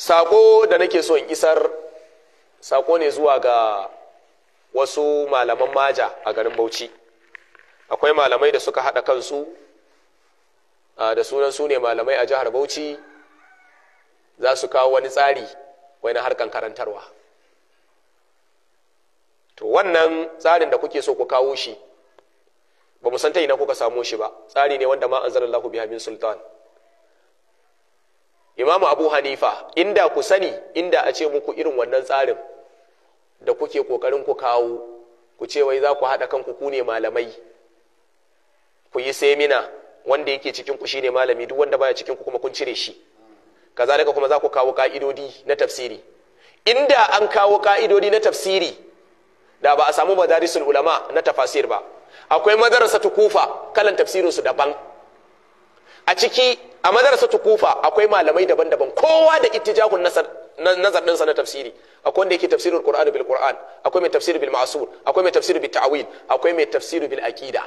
sako da nake so in isar sako ne zuwa ga wasu malaman maja a garin bauchi akwai malamai da suka haɗa kansu da sunan su ne malamai a jihar bauchi za su kawo wani tsari wai na harkan karantarwa to wannan tsarin da kuke so ku kawo shi ba mu san ina kuka samo shi ba tsari ne wanda ma zara biha min sultan imamu abu hanifa inda ku sani inda a ce muku irin wannan tsarin da kuke kokarin ku kawo ku ce wai za ku haɗa kanku ku ne malamai ku yi semina wanda yake cikin ku shine malami duk wanda baya cikin ku kuma kun cire shi kazalika kuma za ku kawo ka'idodi na tafsiri inda an kawo ka'idodi na tafsiri da ba a samu madarisul ulama na tafasir ba akwai madarasa tukufa kalan tafsirin su daban a ciki a madarasa kufa akwai malamai daban-daban kowa da ittijahun nasar nazar na tafsiri akwai wanda yake tafsirin qur'an bil qur'an akwai mai tafsir bil ma'sur akwai mai tafsir bil ta'wil akwai mai tafsir bil aqida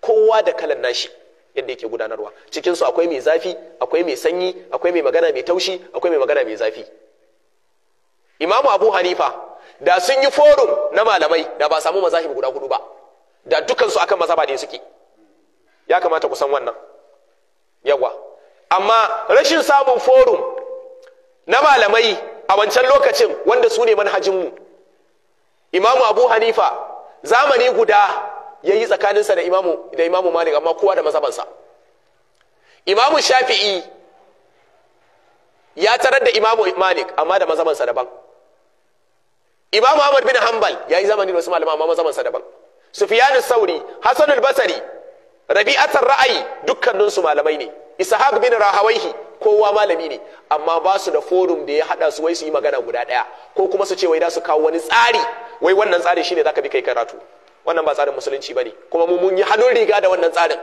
kowa da kalan nashi yadda yake gudanarwa cikin su akwai mai zafi akwai mai sanyi akwai mai magana mai taushi akwai mai magana mai zafi imamu abu hanifa da sun yi forum na malamai da ba samu mazahib guda hudu ba da dukansu akan mazhaba ne suke ya kamata ku san wannan yawa amma rashin samun forum na malamai a wancan lokacin wanda su ne manhajinmu imamu abu hanifa zamani guda ya yi tsakaninsa da imamu da imamu malik amma kowa da mazabansa imamu shafi'i ya tarar da imamu malik amma da mazabansa daban imamu ahmad bin hanbal ya yi zamani da wasu malama amma mazabansa daban sufiyanu sauri hasanul basari rabi'atar ra'ayi dukkaninsu malamai ne ishaq bin rahawaihi kowa malami ne amma ba su da forum da ya hada su wai su yi magana guda daya ko kuma su ce wai da su kawo wani tsari wai wannan tsari shine zaka bi kai karatu wannan ba tsarin musulunci bane kuma mu mun yi hannun riga da wannan tsarin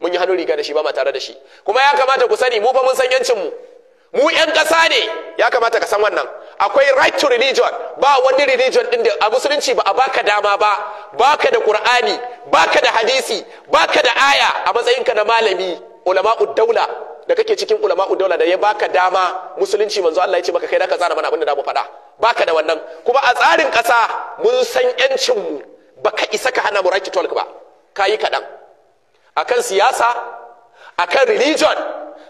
mun yi hannun riga da shi ba ma tare da shi kuma ya kamata ku sani mu fa mun san yancin mu mu yan ƙasa ne ya kamata ka san wannan akwai right to religion ba wani religion din da a musulunci ba a baka dama ba baka da qur'ani baka da hadisi baka da aya a matsayinka na malami ulama'u daula da kake cikin ulama'u daula da ya baka dama musulunci manzo Allah ya ce maka kai da ka tsara mana abin da za mu faɗa baka da wannan kuma a tsarin ƙasa mun san yancin mu baka isa ka hana mu right talk ba kayi kaɗan akan siyasa akan religion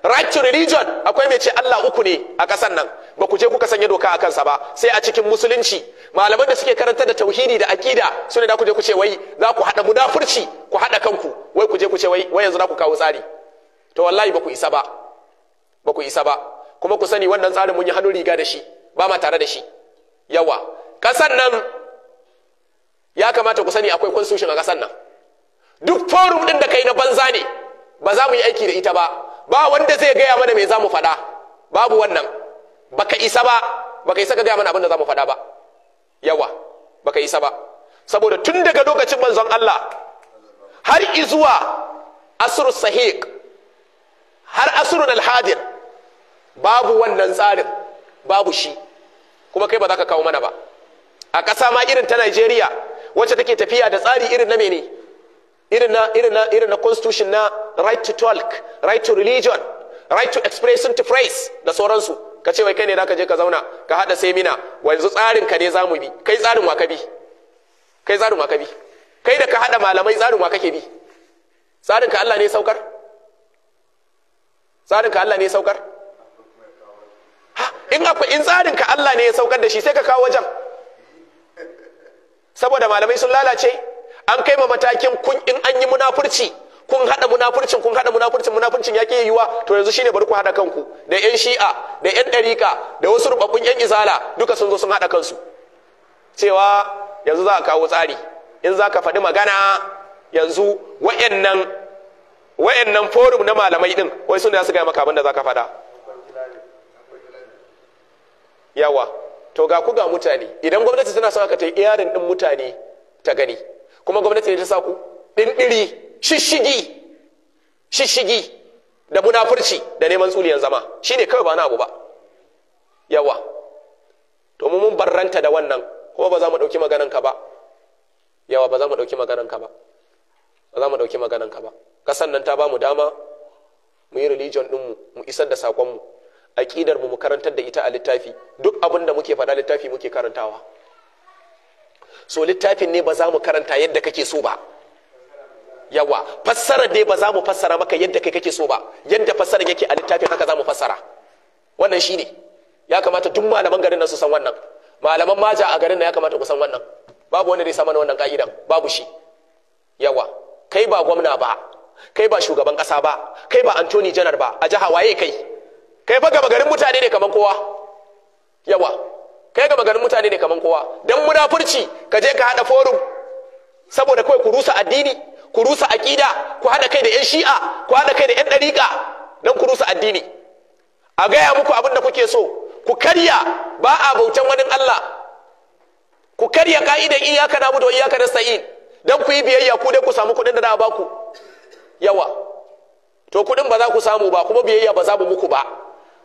right to religion akwai mai ce Allah uku ne a kasan nan ba ku je kuka sanya doka a kansa ba sai a cikin musulunci malaman da suke karanta da tauhidi da akida su ne da ku je ku ce wai za ku haɗa munafurci ku haɗa kanku wai ku je ku ce wai yanzu za ku kawo tsari to wallahi ba ku isa ba ba ku isa ba kuma ku sani wannan tsarin mun yi hannun riga da shi ba ma tare da shi yawa ƙasar nan ya kamata ku sani akwai constitution a ƙasar nan duk forum ɗin da kai na banza ne ba za mu yi aiki da ita ba ba wanda zai gaya mana me za mu faɗa babu wannan baka isa ba baka isa ka gaya mana abin da za mu faɗa ba yawa baka isa ba saboda tun daga lokacin manzon Allah har izuwa asrul sahiq har asrun alhadir babu wannan tsarin babu shi kuma kai ba za ka kawo mana ba a ƙasa ma irin ta Najeriya wacce take tafiya da tsari irin na mene irin na irin na irin na constitution na right to talk right to religion right to expression to praise da sauransu ka ce wai kai ne ka je ka zauna ka hada semina yanzu tsarin ka ne zamu bi kai tsarin wa ka bi kai tsarin wa ka bi kai da ka hada malamai tsarin wa kake bi tsarin ka Allah ne saukar tsarin Allah ne ya saukar in akwai in tsarin ka Allah ne ya saukar da shi sai ka kawo wajen saboda malamai sun lalace an kai ma matakin kun in an yi munafurci kun hada munafurcin kun hada munafurcin munafurcin yake yiwuwa to yanzu shine bari ku hada kanku da yan shi'a da yan dariƙa da wasu rubabbun yan izala duka sun zo sun hada kansu cewa yanzu za a kawo tsari in za ka faɗi magana yanzu wa'annan wayannan forum na malamai din wai sun da su gaya maka abin da ka faɗa yawa to ga ku ga mutane idan gwamnati tana son aka ta yi iyarin din mutane ta gani kuma gwamnati ne ta sa ku dindiri shishigi shishigi da munafurci da neman tsuliyan zama shine kawai ba na abu ba yawa to mu mun barranta da wannan kuma ba za mu dauki maganan ka ba yawa ba za mu dauki maganan ka ba ba za mu dauki maganan ka ba kasan nan ta ba mu dama mu yi religion ɗinmu mu isar da a aƙidar mu mu karantar da ita a littafi duk abin da muke faɗa littafi muke karantawa so littafin ne ba za mu karanta yadda kake so ba yawa fassara dai ba za mu fassara maka yadda kai kake so ba yadda fassara yake a littafin haka za mu fassara wannan shine ya kamata duk malaman garin nan su san wannan malaman maja a garin nan ya kamata ku san wannan babu wanda ya sa mana wannan ka'idan babu shi yawa kai ba gwamna ba kai ba shugaban kasa ba kai ba antoni janar ba a jiha waye kai kai fa gaba garin mutane ne kaman kowa yawa kai gaba garin mutane ne kaman kowa dan munafurci ka je ka haɗa forum saboda kawai ku rusa addini ku rusa aqida ku haɗa kai da yan shi'a ku haɗa kai da yan dariqa dan ku rusa addini a gaya muku abin da kuke so ku karya ba a bautan wani Allah ku karya ka'idar iyaka na budo iyaka nasta'in dan ku yi biyayya ku dai ku samu kuɗin da za a baku yawa to kudin ba za ku samu ba kuma biyayya ba za mu muku ba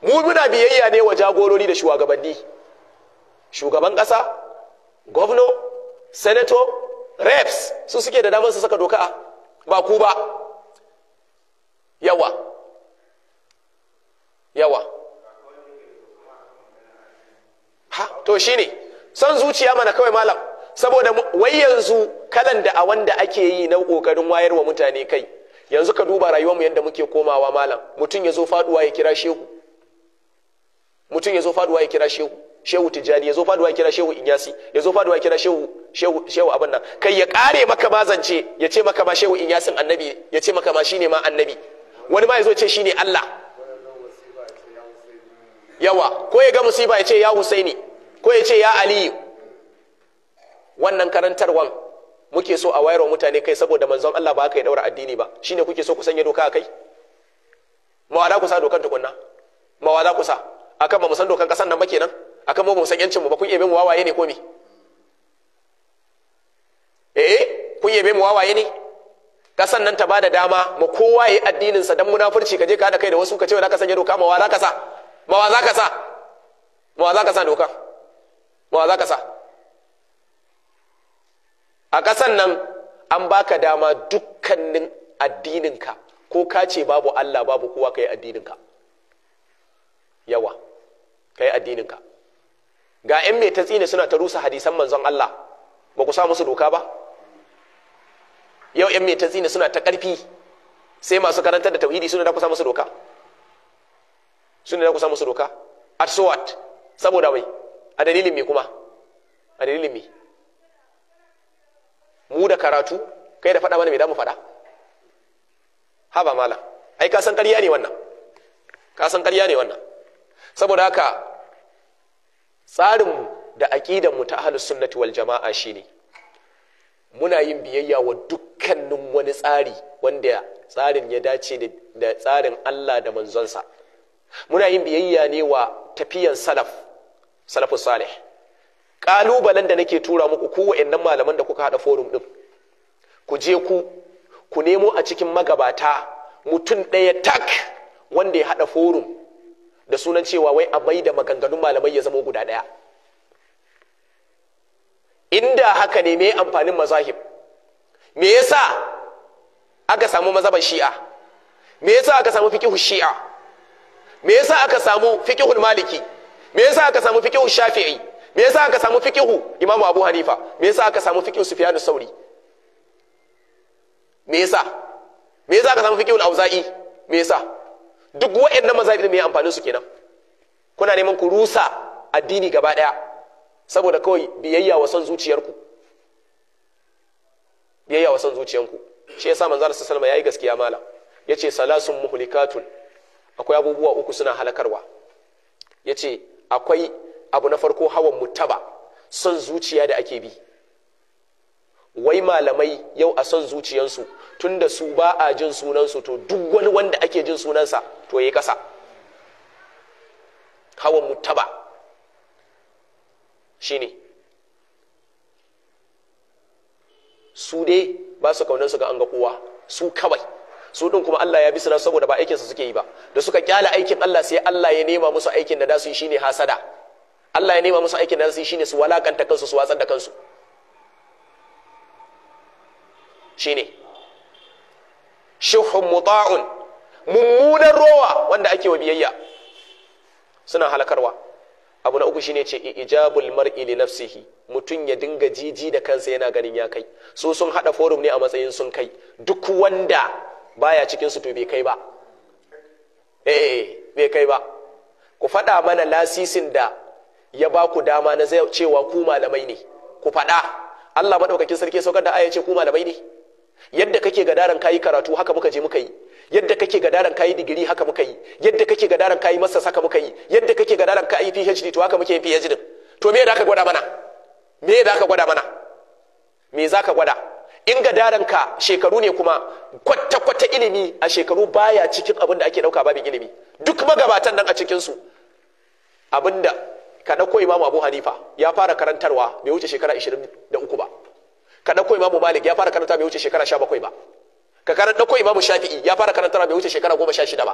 mu muna biyayya ne wa jagorori da shugabanni shugaban kasa govno senator reps su suke da damar su saka doka ba ku ba yawa yawa ha to shine son zuciya mana kawai malam saboda wai yanzu kalan da a wanda ake yi na kokarin wayar wa mutane kai yanzu ka duba rayuwarmu yadda muke komawa malam mutum ya zo faduwa ya kira shehu mutum ya zo faduwa ya kira shehu shehu tijjani ya zo faduwa ya kira shehu inyasi ya zo faduwa ya kira shehu shehu shehu abin nan kai ya kare maka ma zance ya ce maka ma shehu inyasin annabi ya ce maka ma shine ma annabi wani ma ya zo ce shine Allah yawa ko ya ga musiba ya ce ya Husaini ko ya ce ya Aliyu wannan karantarwan muke so a wayarwa mutane kai saboda manzon Allah ba haka ya daura addini ba shine kuke so ku sanya doka a kai mawada ku sa dokan tukunna mawada ku sa akan ba mu san dokan kasan nan ba kenan akan ba mu san yancin mu ba kun yabe mu wawaye ne ko me eh kun yabe mu wawaye ne kasan nan ta bada dama mu kowa yayi addinin sa dan munafurci kaje ka da kai da wasu ka ce za ka sanya doka mawada ka sa mawada ka sa mawada ka sa doka mawada ka sa a ƙasan nan an baka dama dukkanin addininka ko ka ce babu Allah babu kowa ka yi addininka yawa ka yi addininka ga 'yan mai ta tsini suna ta rusa hadisan manzon Allah ba ku sa musu doka ba yau 'yan mai ta tsini suna ta ƙarfi sai masu karantar da tauhidi suna da ku musu doka suna da ku musu doka at so what saboda wai a dalilin me kuma a dalilin me mu da karatu kai da faɗa mana me damu faɗa haba malam ai ka san ƙarya ne wannan ka san ƙarya ne wannan saboda haka tsarinmu da aƙidanmu ta ahlus sunnati wal jama'a shine muna yin biyayya wa dukkanin wani tsari wanda tsarin ya dace da tsarin Allah da manzonsa muna yin biyayya ne wa tafiyan salaf salafus salih kalubalen da nake tura muku ku wa'annan malaman da kuka haɗa forum din ku je ku ku nemo a cikin magabata mutum ɗaya tak wanda ya haɗa forum da sunan cewa wai a mai da maganganun malamai ya zama guda ɗaya inda haka ne mai amfanin mazahib me yasa aka samu mazaban shi'a me yasa aka samu fiqhu shi'a me yasa aka samu fiqhul maliki me yasa aka samu fiqhu shafi'i me yasa aka samu fiqihu imamu abu hanifa me yasa aka samu fiqihu sufyanu sauri me yasa me yasa aka samu fiqihu auza'i me yasa duk wa'annan mazhabi da me amfani su kenan kuna neman ku rusa addini gaba daya saboda kawai biyayya wa son zuciyarku biyayya wa son zuciyanku shi yasa manzo sallallahu alaihi yayi gaskiya mala yace salasun muhlikatun akwai abubuwa uku suna halakarwa yace akwai abu na farko hawan mutaba son zuciya da ake bi wai malamai yau a son zuciyansu da su ba a jin sunansu to duk wani wanda ake jin sunansa to ya kasa hawan mutaba shine su dai ba su kaunansu ga an ga kowa su kawai su din kuma Allah ya bi su saboda ba aikinsu suke yi ba da suka kyala aikin Allah sai Allah ya nema musu aikin da da su yi shine hasada Allah ya nema musu aikin da su yi shine su walakanta kansu su watsar da kansu shine shuhun muta'un mummunan rowa wanda ake wa biyayya suna halakarwa abu na uku shine ce ijabul mar'i li nafsihi mutum ya dinga jiji da kansa yana ganin ya kai su sun hada forum ne a matsayin sun kai duk wanda baya cikin su to bai kai ba eh, eh, eh bai kai ba ku faɗa mana lasisin da ya ba ku dama na cewa ku malamai ne ku faɗa Allah maɗaukakin sarki saukar da aya ce ku malamai ne yadda kake gadaran kayi karatu haka muka je muka yi yadda kake gadaran kayi digiri haka muka yi yadda kake gadaran kayi masa haka muka yi yadda kake gadaran kayi PhD to haka muke yin PhD to me da ka gwada mana me da ka gwada mana me za ka gwada in ka shekaru ne kuma kwata-kwata ilimi a shekaru baya cikin abin da ake dauka babin ilimi duk magabatan nan a cikinsu abinda ka ɗauko imamu abu hanifa ya fara karantarwa bai wuce shekara 23 ba ka ɗauko imamu malik ya fara karantarwa bai wuce shekara 17 ba ka karanta ɗauko imamu shafi'i ya fara karantarwa bai wuce shekara 16 ba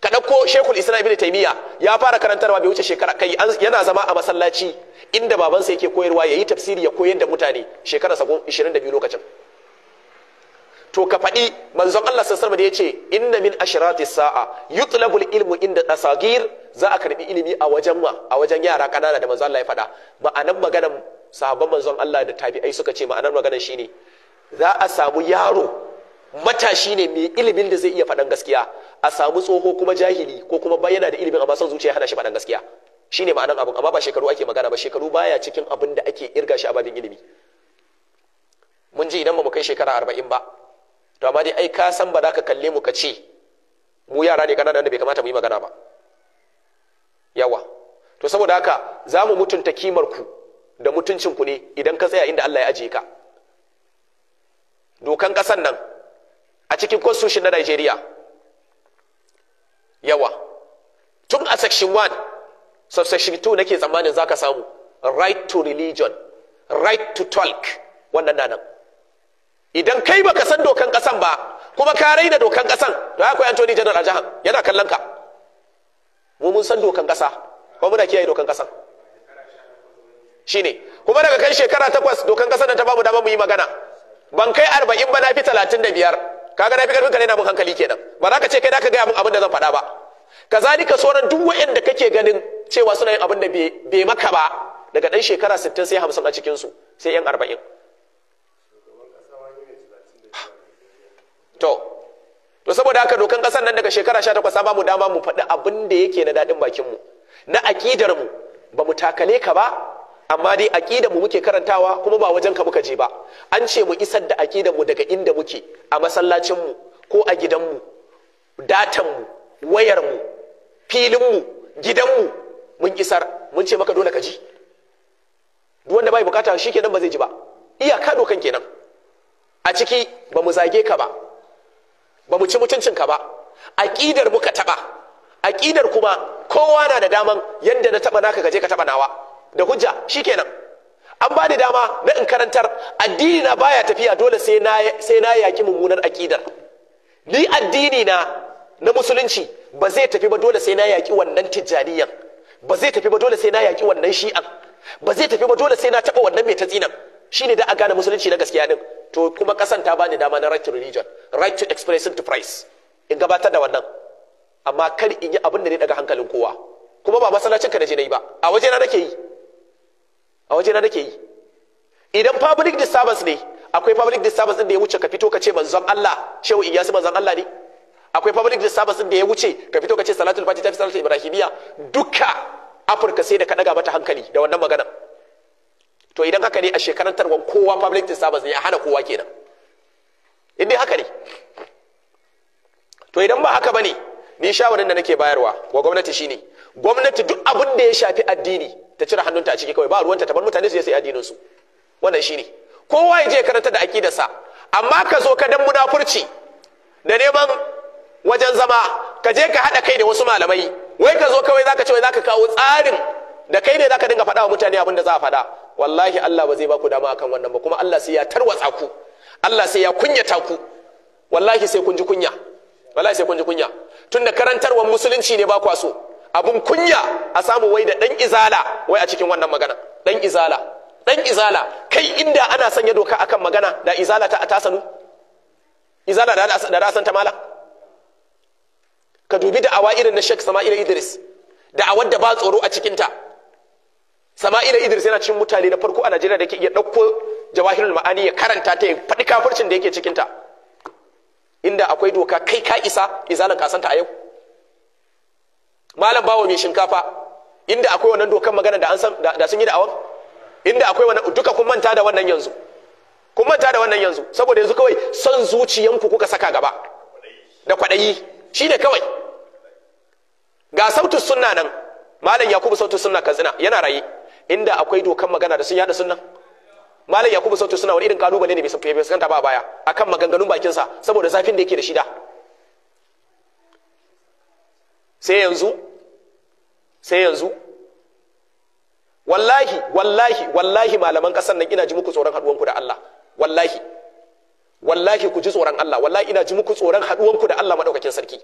ka ɗauko shekul isra'i bin taimiyya ya fara karantarwa bai wuce shekara kai yana zama a masallaci inda babansa yake koyarwa ya yi tafsiri ya koyar da mutane shekara 22 lokacin to ka faɗi manzon Allah sallallahu alaihi wasallam yace inna min ashrati sa'a yutlabul ilmu inda asagir za a karbi ilimi a wajen ma a wajen yara kanana da manzon Allah ya faɗa Ma'anar maganar sahabban manzon Allah da tabi'ai suka ce ma'anar maganar shine za a samu yaro matashi ne mai ilimin da zai iya faɗan gaskiya a samu tsoho kuma jahili ko kuma bayyana da ilimin amma son zuciya hana shi faɗan gaskiya shine ma'anar abin amma ba shekaru ake magana ba shekaru baya cikin abin da ake irga shi a babin ilimi mun ji idan ba mu kai shekara arba'in ba to amma dai ai ka san ba za ka kalle mu ka ce mu yara ne kanana da bai kamata mu yi magana ba yawa to saboda haka za mu mutunta kimar ku da mutuncin ku ne idan ka tsaya inda Allah ya ajiye ka dokan ƙasan nan a cikin constitution na Najeriya yawa tun a section 1 subsection 2 nake tsammanin za ka samu right to religion right to talk wannan nan idan kai baka san dokan kasan ba kuma ka raina dokan kasan to akwai antoni General a jihar yana kallon ka mu mun san dokan kasa kuma muna kiyaye dokan kasan shine kuma daga kan shekara takwas dokan kasan da ta bamu dama mu yi magana ban kai arba'in ba na fi talatin da biyar kaga na fi karfin ka na mun hankali kenan ba za ka ce kai da ka gaya mun abin da zan faɗa ba ka so sauran duk waɗanda kake ganin cewa suna yin abin da bai maka ba daga ɗan shekara sittin sai hamsin a cikinsu sai yan arba'in to to saboda haka dokan kasar nan daga shekara 18 takwas, ba mu dama mu faɗi abin da yake na daɗin bakin mu na aƙidar mu ba mu takale ka ba amma dai aƙidar mu muke karantawa kuma ba wajen ka muka je ba an ce mu isar da aƙidar mu daga inda muke a masallacin mu ko a gidan mu datan mu wayar mu filin mu gidan mu mun isar mun ce maka dole ka ji duk wanda bai bukata shi kenan ba zai ji ba iyaka dokan kenan a ciki ba mu zage ka ba ba mu ci mutuncinka ba aƙidar muka taɓa aƙidar kuma kowa na da daman yadda na taɓa naka gaje ka taɓa nawa da hujja shikenan an ba ni dama na in karantar addini na baya tafiya dole sai na sai na yaki mummunar aƙidar ni addini na na musulunci ba zai tafi ba dole sai na yaki wannan tijjaniyan ba zai tafi ba dole sai na yaki wannan shi'an ba zai tafi ba dole sai na taɓa wannan mai tatsinan shine da a gane musulunci na gaskiya din to kuma kasan ta bani dama na right to religion right to expression to price in gabatar da wannan amma kar in yi abin da ne daga hankalin kowa kuma ba masallacin ka naje nayi ba a waje na nake yi a waje na nake yi idan public disturbance ne akwai public disturbance din da ya wuce ka fito ka ce manzon Allah shehu Iyasu manzon Allah ne akwai public disturbance din da ya wuce ka fito ka ce salatul fatiha ta fi salatul ibrahimiya duka afirka sai da ka daga mata hankali da wannan maganar to idan haka ne a tarwa kowa public service ne a hana kowa kenan in dai haka ne to idan ba haka ba ne ni shawarin da nake bayarwa wa gwamnati shine gwamnati duk abin da ya shafi addini ta cire hannunta a ciki kawai ba ruwanta ta bar mutane su yi sai addinin su wannan shine kowa ya je karanta da akidarsa amma ka zo ka dan munafurci da neman wajen zama ka je ka haɗa kai da wasu malamai wai ka zo kawai zaka ce wai zaka kawo tsarin da kai ne zaka dinga faɗa wa mutane abin da za a faɗa wallahi Allah ba zai ba ku dama akan wannan ba kuma Allah sai ya tarwatsa ku Allah sai ya kunyata ku wallahi sai kun ji kunya wallahi sai kun ji kunya tunda karantarwar musulunci ne ba ku so abun kunya a samu wai da dan izala wai a cikin wannan magana dan izala dan izala kai inda ana sanya doka akan magana da izala ta ta sanu? izala da da rasan ta mala ka dubi da awa irin na Sheikh Sama'il Idris da awar da ba tsoro a cikinta ta sama'ila idris yana cin mutane na farko a najeriya da ke iya ɗauko jawahirul ma'ani ya karanta ta ya faɗi kafircin da yake cikinta inda akwai doka kai ka isa izalin kasanta a yau malam bawa mai shinkafa inda akwai wannan dokan magana da, da sun yi da'awar inda akwai wannan duka kun manta da wannan yanzu kun manta da wannan yanzu saboda yanzu kawai son zuciyanku kuka saka gaba da kwaɗayi shi ne kawai ga sautus sunna nan malam yakubu sautus sunna kazina yana raye inda akwai dokan magana da sun yada sunan, malam yakubu sautu suna wani irin kalubale ne bai ta ba baya akan maganganun bakinsa saboda zafin da yake da shida sai yanzu sai yanzu wallahi wallahi wallahi malaman kasar nan ina ji muku tsoron ku da Allah wallahi wallahi ku ji tsoron Allah wallahi ina ji muku tsoron ku da Allah madaukakin sarki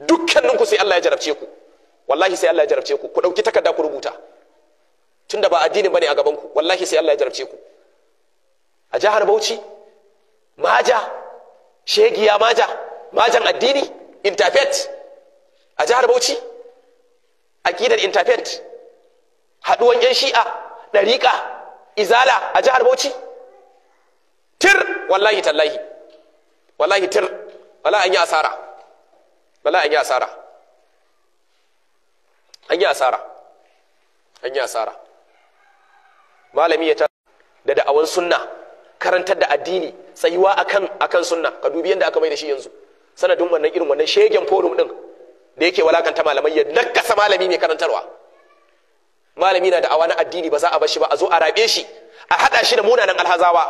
dukkaninku sai Allah ya jarabce ku wallahi sai Allah ya jarabce ku ku dauki takarda ku rubuta tunda ba addini bane a gaban ku wallahi sai Allah ya jarabce ku a jihar Bauchi maja shegiya maja majan addini interfaith a jihar Bauchi aqidar interfaith haduwan yan shi'a dariqa izala a jihar Bauchi tir wallahi tallahi wallahi tir wala an yi asara wala an yi asara an yi asara an yi asara malami ya ta da da'awar sunna karantar da addini tsayuwa akan akan sunna ka dubi yadda aka mai da shi yanzu sanadin wannan irin wannan shegen forum din da yake walakanta malamai ya nakasa malami mai karantarwa malami na da'awa na addini ba za a bar shi ba a zo a rabe shi a hada shi da munanan alhazawa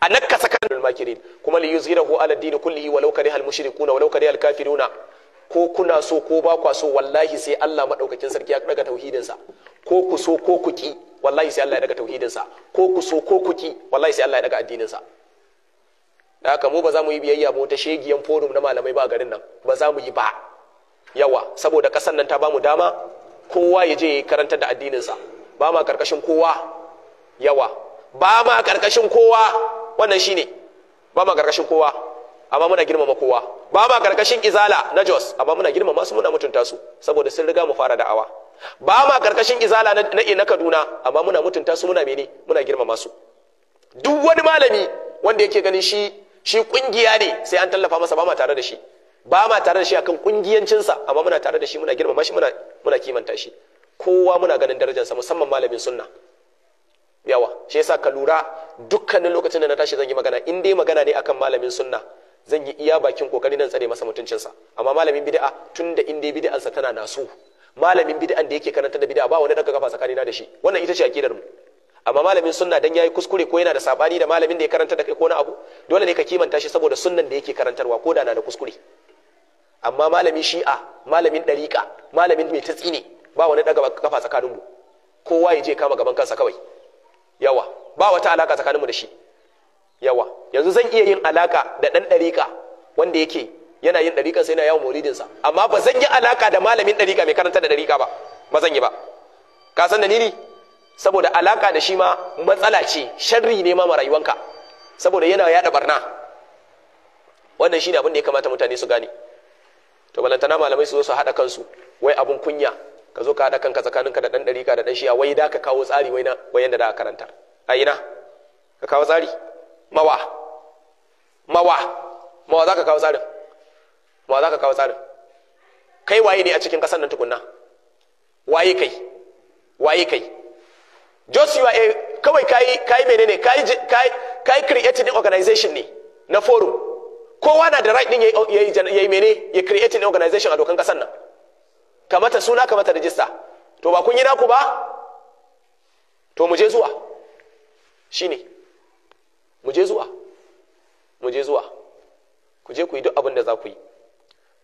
a nakasa kan makirin kuma li yuzhirahu ala dini kullihi walau kariha al mushrikuuna walau kariha al kafiruna ko kuna so ko ba kwa so wallahi sai Allah madaukakin sarki ya daga tauhidin sa ko ku so ko ku ki wallahi sai Allah ya daga tauhidinsa ko ku so ko ku ki wallahi sai Allah ya daga addininsa da haka mu ba za mu yi biyayya ba ta shegiyan forum na malamai ba garin nan ba za mu yi ba yawa saboda kasan nan ta ba mu dama kowa ya je ya karanta da addininsa ba ma karkashin kowa yawa ba ma karkashin kowa wannan shine ba ma karkashin kowa amma muna girmama kowa ba ma karkashin izala na jos amma muna girmama su muna mutunta su saboda sun riga mu fara da'awa ba ma karkashin izala na na Kaduna amma muna mutunta su muna mene muna girmama su duk wani malami wanda yake ganin shi shi kungiya ne sai an tallafa masa ba ma tare da shi ba ma tare da shi akan kungiyancin sa amma muna tare da shi muna girmama shi muna muna kimanta shi kowa muna ganin sa musamman malamin sunna yawa shi yasa ka lura dukkanin lokacin da na tashi zan yi magana in dai magana ne akan malamin sunna zan yi iya bakin kokari nan tsare masa sa amma malamin bid'a tunda in dai sa tana nasu malamin bid'an da yake karanta da bid'a ba wani daga kafa tsakanina da shi wannan ita ce akidar mu amma malamin sunna dan yayi kuskure ko yana da sabani da malamin da ya karanta da kai ko na abu dole ne ka kimanta shi saboda sunnan da yake karantarwa ko da na da kuskure amma malamin shi'a malamin dariqa malamin mai tatsine ba wani daga kafa tsakanin mu kowa ya je kama gaban kansa kawai yawa ba wata alaka tsakanin mu da shi yawa yanzu zan iya yin alaka da dan dariqa wanda yake yana yin ɗariƙa sai na yawon muridinsa. amma ba zan yi alaƙa da malamin ɗariƙa mai karanta da ɗariƙa ba ba zan yi ba ka san dalili saboda alaƙa da shi ma matsala ce sharri ne ma rayuwanka saboda yana yaɗa barna wannan shi ne abin da ya kamata mutane su gane to balantana malamai su zo su haɗa kansu wai abun kunya ka zo ka haɗa kanka tsakaninka da ɗan ɗariƙa da ɗan shiya wai da ka kawo tsari wai na da aka karanta a ina ka kawo tsari mawa mawa mawa za ka kawo tsarin wa za ka kawo tsarin kai waye ne a cikin ƙasar nan tukunna waye kai waye kai just you are kawai kai kai menene kai kai kai creating organization ne na forum kowa na da right din yayi yayi mene ya creating organization a dokan ƙasar nan kamata suna kamata rajista to ba kun yi naku ba to mu je zuwa shine mu je zuwa mu je zuwa ku je ku yi duk abin da za ku yi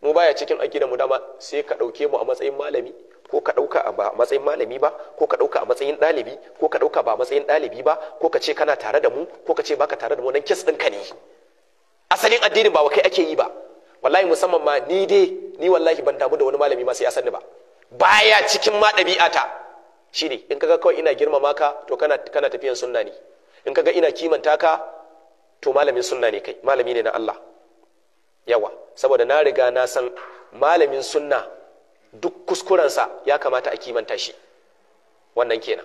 mu baya cikin akidar mu dama sai ka dauke mu a matsayin malami ko ka dauka a matsayin malami ba ko ka dauka a matsayin dalibi ko ka dauka ba a matsayin dalibi ba ko ka ce kana tare da mu ko ka ce baka tare da mu nan kis din ka ne asalin addinin ba wa kai ake yi ba wallahi musamman ma ni dai ni wallahi ban damu da wani malami ma sai ya ba baya cikin ma ɗabi'ata shine in kaga kawai ina girmama ka to kana kana tafiyan sunna ne in kaga ina kimanta ka to malamin sunna ne kai malami ne na Allah yawa saboda na riga na san malamin sunna duk kuskurensa ya kamata a kimanta shi wannan kenan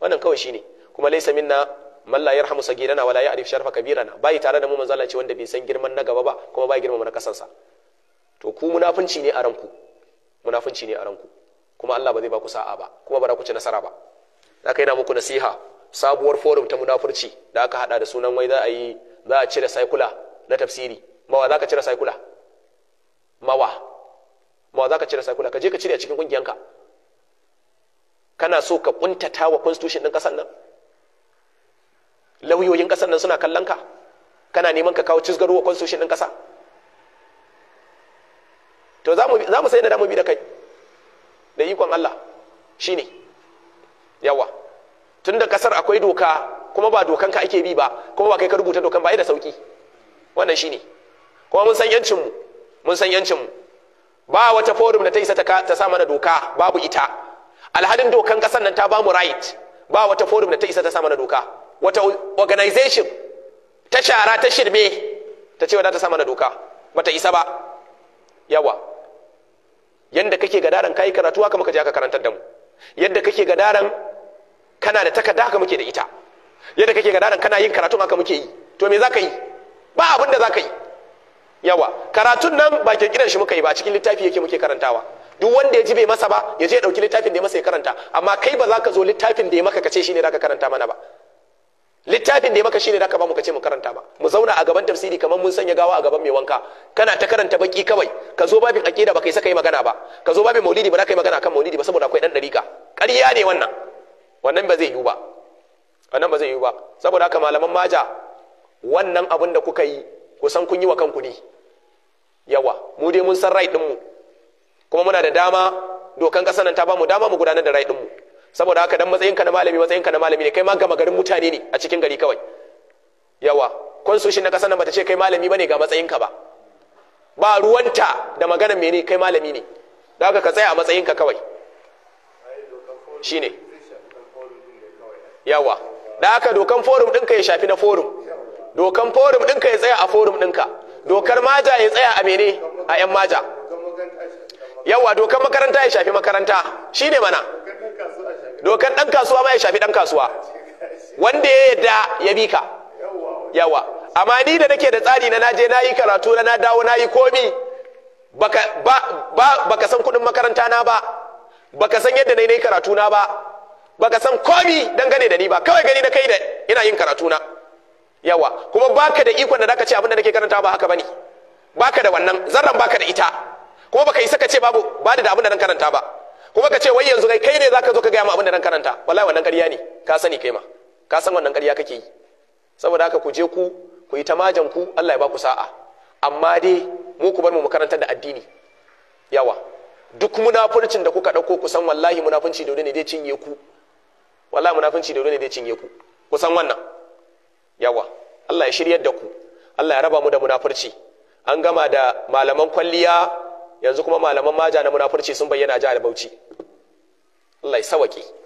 wannan kawai shine kuma laysa minna man la yarhamu sagirana wala ya'rif sharfa kabirana bai tare da mu manzo Allah ce wanda bai san girman na gaba ba kuma bai girmama na kasansa to ku munafunci ne a ranku munafunci ne a ranku kuma Allah ba zai ba ku sa'a ba kuma ba za ku ci nasara ba Na kai na muku nasiha sabuwar forum ta munafurci da aka hada da sunan wai za a yi za a cire saikula na tafsiri mawa za ka cire saikula mawa mawa za ka cire saikula ka je ka cire a cikin kungiyanka kana so ka kuntata wa constitution ɗin ƙasar nan lauyoyin ƙasar nan suna kallon ka kana neman ka kawo cisgaro wa constitution ɗin kasa to za mu sai da damu bi da kai da ikon Allah shi ne yawa tunda kasar ƙasar akwai doka kuma ba dokanka ake bi ba kuma ba kai ka rubuta dokan ba da sauki wannan shine ne ko mun san yancin mu mun san yancin mu ba wata forum da ta isa ta sa mana doka babu ita alhadin dokan kasar nan ta bamu right ba wata forum da ta isa ta sa mana doka wata organization ta shara ta shirme ta ce ta sa mana doka bata isa ba yawa yanda kake gadaran kai karatu haka muka je aka karantar da mu yadda kake gadaran kana da takarda haka muke da ita yadda kake gadaran kana yin karatu haka muke yi to me zaka yi ba abin da zaka yi yawa karatun nan ba kirkirar shi muka yi ba cikin littafi yake muke karantawa duk wanda ya ji bai masa ba ya je ya dauki littafin da ya masa ya karanta amma kai ba za ka zo littafin da ya maka kace shine zaka karanta mana ba littafin da ya maka shine zaka ba mu kace mu karanta ba mu zauna a gaban tafsiri kamar mun sanya gawa a gaban mai wanka kana ta karanta baki kawai ka zo babin aqida ba kai saka yi magana ba ka zo babin maulidi ba za ka yi magana kan maulidi ba saboda akwai dan dariƙa ƙarya ne wannan wannan ba zai yiwu ba wannan ba zai yiwu ba saboda haka malaman maja wannan abin da kuka yi kusan kun yi wa kanku ne yawa mu dai mun san rai dinmu kuma muna da dama dokan ƙasar nan ta ba mu dama mu gudanar da rai dinmu saboda haka dan matsayinka na malami matsayinka na malami ne kai ma gama garin mutane ne a cikin gari kawai yawa constitution na ƙasar nan bata ce kai malami bane ga matsayinka ba ba ruwanta da maganar mene kai malami ne da haka ka tsaya a matsayinka kawai shine yawa da haka dokan forum ɗinka ya shafi na forum dokan forum ɗinka ya tsaya a forum ɗinka dokar maja ya tsaya a mene a yan maja yawa dokar makaranta ya shafi makaranta shi ne mana dokar ɗan kasuwa ma ya shafi ɗan kasuwa wanda ya yadda ya bi ka yawa amma ni da nake da tsari na naje na yi karatu na na dawo na yi komi ba ba san kuɗin makaranta na ba baka san yadda na yi karatu na ba baka san komi dangane da ni ba kawai gani na kai da ina yin karatu na yawa kuma baka da ikon da zaka ce abinda nake karanta ba haka bane baka da wannan zarran baka da ita kuma baka isa ka ce babu ba da abinda nan karanta ba kuma ka ce wai yanzu kai kai ne zaka zo ka ga mu abinda nan karanta wallahi wannan ƙarya ne ka sani kai ma ka san wannan ƙarya kake yi saboda haka ku je ku ku yi ta majan ku Allah ya ba ku sa'a amma dai mu ku bar mu makarantar da addini yawa duk munafurcin da kuka dauko ku san wallahi munafunci dole ne dai cinye ku wallahi munafunci dole ne dai cinye ku ku san wannan yawa Allah ya shiryar da ku Allah ya raba mu da munafurci an gama da malaman kwalliya yanzu kuma malaman maja na munafurci sun bayyana a jihar Bauchi Allah ya sawake